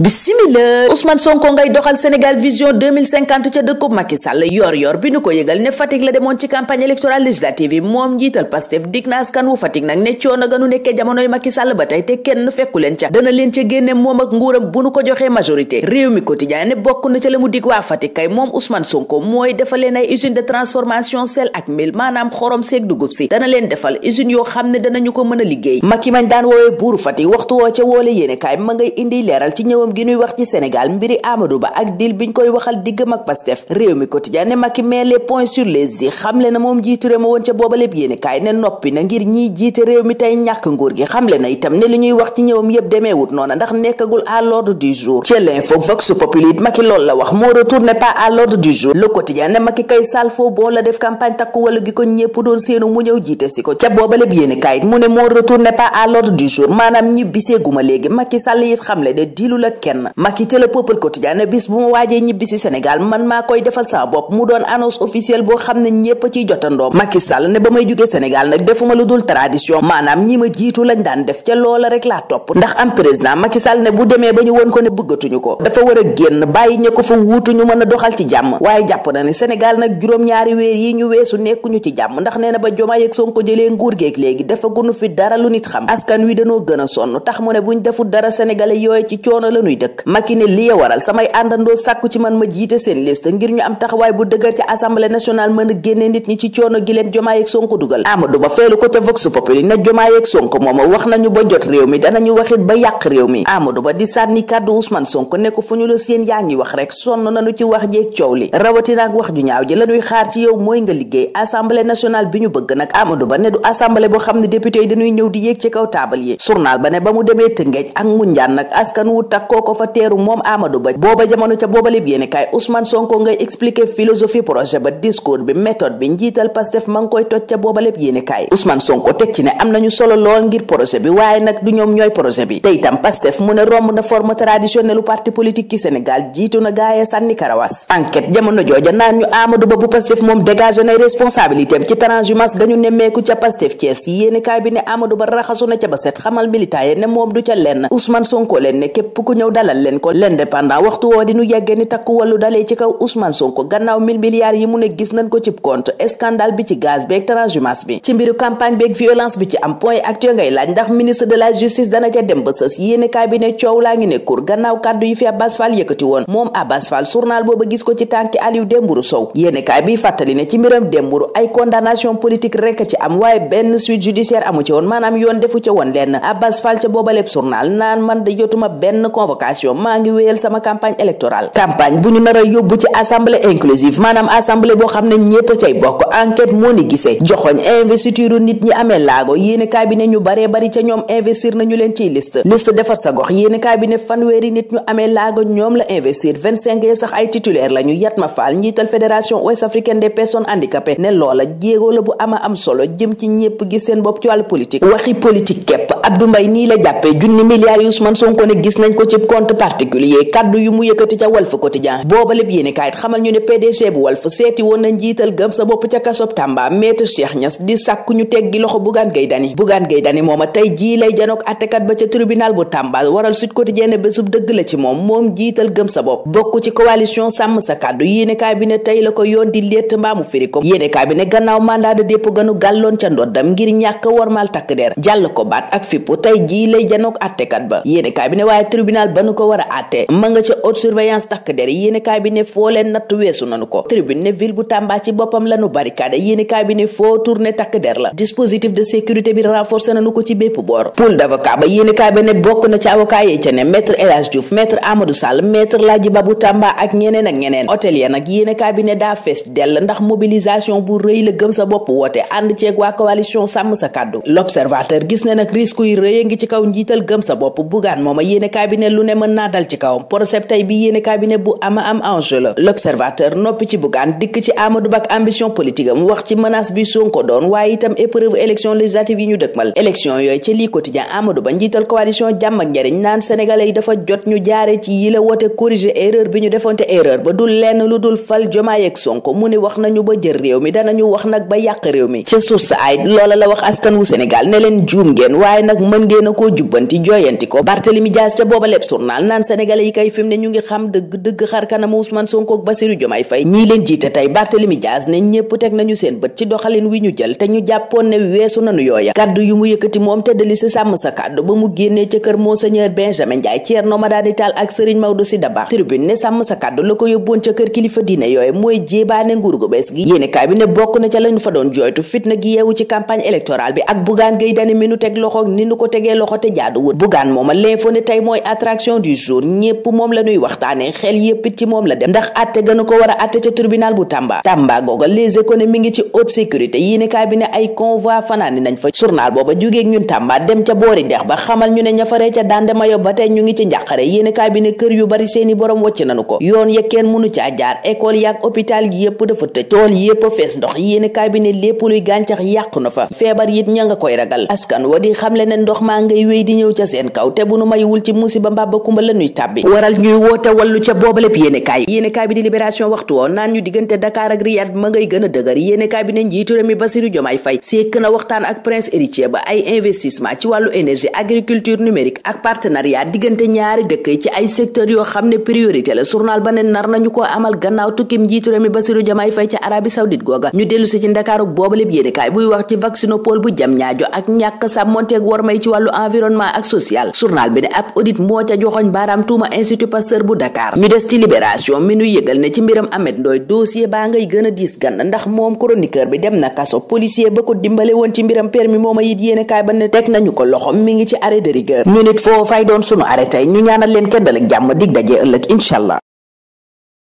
bisimila Ousmane Sonko ngay doxal Sénégal vision 2050 ca dëkkub Macky Sall yor yor bi nu ko yëgal ne Fatick la demoon ci campagne électorale législative yi moom njiital Pastef dig na askan wu Fatick nag ne coono ganu nekkee jamonoy Macky Sall ba tey te kenn fekku leen ca dana leen ca génne moom ak nguuram bu nu ko joxee majorité réew mi quotidien ne bokk na ca la mu dig waa Fatick kay moom Ousmane Sonko mooy defal leen ay usine de transformation sel ak mil maanaam xorom seeg dugub si dana leen defal usine yoo xam ne danañu ko mën a liggéey Macky mañ daan woowee buuru Fatick waxtu woo ca woole yéene koom gi ñuy wax ci Sénégal mbiri Amadou Ba ak dil biñ koy waxal diggam ak Pastef réew mi quotidien ne Macky met les points sur les i xamle na moom jiite si ko ca booba lépp yéene kaay it mu ne moo retourné pas à du jour maanaam ñibbisee guma léegi Macky Sall it xamle ne dilu la kenn Macky ca le peuple quotidien ne bis bu ma waajee ñibbi si Sénégal man maa koy defal sama bopp mu doon annonce officielle boo xam ne ñépp ciy jotandoo Macky Sall ne ba may jógee Sénégal nag defuma lu dul tradition maanaam ñi ma jiitu lañ daan def ca loola rek laa topp ndax am président Macky sal ne bu demee ba ñu woon ko ne bëggatuñu ko dafa war a génn bàyyi ña ko fa wuutu ñu mën a doxal ci jàmm waaye jàpp na ne Sénégal nag juróom-ñaari weer yi ñu weesu nekkuñu ci jàmm ndax nee na ba Diomaye ak Sonko jëlee nguur géeg léegi dafa gunu fi dara lu nit xam askan wi dañoo gën sonn tax mu ne buñ deful lanuy dëkk Macky ne li waral samay àndandoo sàkku ci man ma jiite seen liste ngir ñu am taxawaay bu dëgër ci assemblée nationale mën a génne nit ñi ci coono gi leen Jomaay ak Sonko dugal Amadou Ba feelu ko ca Vox Populi ne Jomaay ak Sonko mooma wax nañu ba jot réew mi fu ñu la seen yaa ngi wax rek sonn nañu ci wax jeeg coow li rawatina ak wax ju ñaaw ji lañuy xaar ci yow mooy nga liggéey assemblée nationale bi ñu bëgg nag Amadou Ba ne du assemblée boo xam ne député yi dañuy ñëw di yéeg ci kaw taabal yi journal ba ne ba mu demee kooko fa teeru moom Amadou Ba booba jamono ca booba léb yéene kaay Ousmane Sonko ngay expliquer philosophie projet ba discours bi méthode bi njiital Pastef ma ngi koy toj ca booba léb yéene kaay bi ne Amadou Ba bu Pastef moom dégagé nay responsabilité ci transhumance gañu nemmeeku ca Pastef Thiès yéene kaay bi ne Amadou Ba raxasu na ca ba set xamal militant yi ne moom du ca lenn Ousmane Sonko leen képp ku ñëw dalal leen ko waxtu woo di nu yeggee ni takku wàllu dalee ci kaw Ousmane Sonko gannaaw mille milliards yi mu ne gis nañ ko cib compte scandale bi ci gaz bi ak bi ci mbiru campagne bi violence bi ci am point actuel ngay laaj ndax ministre de la justice dana ca dem ba sës yéene ne coow laa ne kur gannaaw kàddu yi fi Abbas Fall yëkkati woon moom Abbas Fall journal booba gis ko ci tànki Aliou Dembourou Sow yéene kaay bi convocation maa ngi wéyal sama campagne électorale campagne bu ñu nar a yóbbu ci assemblée inclusive maanaam assemblée boo xam ne ñépp cay bokk enquête moo ni gisee joxoñ investiture nit ñi amee laago ñoom la investir 25 ya sax ay titulaire lañu yat ma faal njiital fédération ouest africaine des personnes handicapées ne loola jéego la bu ama am solo jëm ci ñépp gis seen bopp ci wàllu politique waxi politique képp Abdou Mbaye nii la jàppee junni milliards yi Ousmane cib compte particulier kaddu yu mu yëkkati ca Walf Quotidien booba lépp yéene kaayit xamal ñu ne PDG bu Walf seeti woon na njiital gëm sa bopp ca kasob Tamba maître Cheikh Niass di sàkku ñu teggi loxo Bougane Gueye Dany Bougane Gueye Dany mooma tey jii lay janook attekat ba ca tribunal bu Tamba waral Sud Quotidien ne dëgg la ci moom moom njiital gëm sa bopp bokk ci coalition sàmm sa kaddu yéene kaay bi ne tey la ko yoon di létt mbaamu firi ko yéene kaay bi ne gannaaw mandat de dépôt ganu gàlloon ca ndoddam ngir ñàkk warmal takk der jàll ko baat ak jii lay janook attekat tribunal ba nu ko war a àtte ma nga ca haute surveillance takk der yéenekaay bi ne foo leen natt weesu nanu ko tribune ne ville bu Tamba ci boppam lanu barricade yéenekaay bi ne foo tourné takk der la dispositif de sécurité bi renforcé nanu ko ci bépp boor pool d'avocat ba yéenekaay bi ne bokk na ci avocat yee ca ne maître El Hadj Diouf ak ñeneen ak ñeneen hôtel ya nag yéenekaay bi ne daa fees dell ndax mobilisation bu rëy la gëm sa bopp woote ànd ceeg waa coalition sàmm sa kàddu l'observateur gis ne nag risque yu rëy a ngi ci kaw njiital gëm sa bopp bugaan lu ne mën naa dal ci kawam procès bi yéene cabinet bu ama am enjeu la l'observateur noppi ci Bougane dikk ci Amadou Ba ak ambition politique am wax ci menace bi Sonko doon waaye itam épreuve élection législative yi ñu dëkmal élection yooyu ci lii quotidien Amadou Ba njiital coalition jàmm njariñ naan sénégalais yi dafa jot ñu jaare ci yi la wote corriger erreur bi ñu defonte erreur ba dul lenn lu dul fal Jomaay ak Sonko mu ni wax nañu ba jël réew mi danañu wax nag ba yàq la wax askan wu Sénégal ne leen juum ngeen waaye nag mën ngeen a koo jubbanti jooyanti journal naan sénégalais yi kay fi mu ne ñu ngi xam dëgg dëgg xar kanamu Ousmane Sonko ak Bassirou Diomaye Faye ñii leen jiite tey Barthélemy Dias ne ñépp teg nañu seen bët ci doxalin wi ñu jël te ñu jàppoon ne weesu nañu yooya kaddu yu mu yëkkati moom te dali si sàmm sa kaddu ba mu génnee ca kër Monseigneur Benjamin Ndiaye Thierno Madani Tall ak Serigne Maodo Sy Dabakh tribune ne sàmm sa kaddu la ko yóbboon ca kër kilifa diine yooyu mooy jéebaane nguur gu bees gi yéene kaay bi na ko tegee loxo te jaadu wut bugaan infraction du jour ñépp moom la ñuy waxtaane xel yéppit ci moom la dem ndax atte gëna ko war a ca tribunal bu Tamba googa les économies ngi ci haute sécurité yéene bi ne ay convoi fanaani nañ fa journal booba jógeeg ñun Tamba dem ca boori dex ba xamal ñu ne ñafaree ca dandema yo ba tey ñu ngi ci njàqare yéene kaay bi ne kër yu bari seeni borom wacc nañu ko yoon ya kenn mënu caa jaar école yaak hôpital yépp dafa tëj tool yépp a fees ndox yéene Baba Kumba la ñuy tàbbi waral ñuy woote wallu ca boobaleb yéenekaay yéenekaay bi di libération waxtu woon naan ñu diggante Dakar ak Riyad ma ngay gën a dëgër yéenekaay bi ne njiitu réew mi Bassirou Diomaye Faye sékk ak partenariat diggante ñaari dëkk yi ay secteurs yoo xam ne priorité la journal ba ne nañu ko amal gannaaw tukkim njiitu réew mi Bassirou Diomaye Faye ca Arabie Saoudite googa ñu dellu si ci Ndakaaru boobaleb yéenekaay buy wax ci vaccinopole bu jam ñaajo ak ñàkk sàmmonteeg war may ci wàllu environnement ak social journal bi ne ab audit moo ca joxoñ baaraam tuuma institut pasteur bu Dakar ñu des ci libération mi nu yëgal ne ci mbiram Amet Ndooy dossier baa ngay gën a diis gann ndax moom chroniqueur bi dem na kaso policier ba ko dimbale woon ci mbiram permis mooma it yéene kaay ba ne teg nañu ko loxo mi ngi ci arrêt de rigueur ñu nit foo fay doon sunu arrêt tey ñu ñaanal leen kenn dal jàmm dig dajee ëllëg incha allah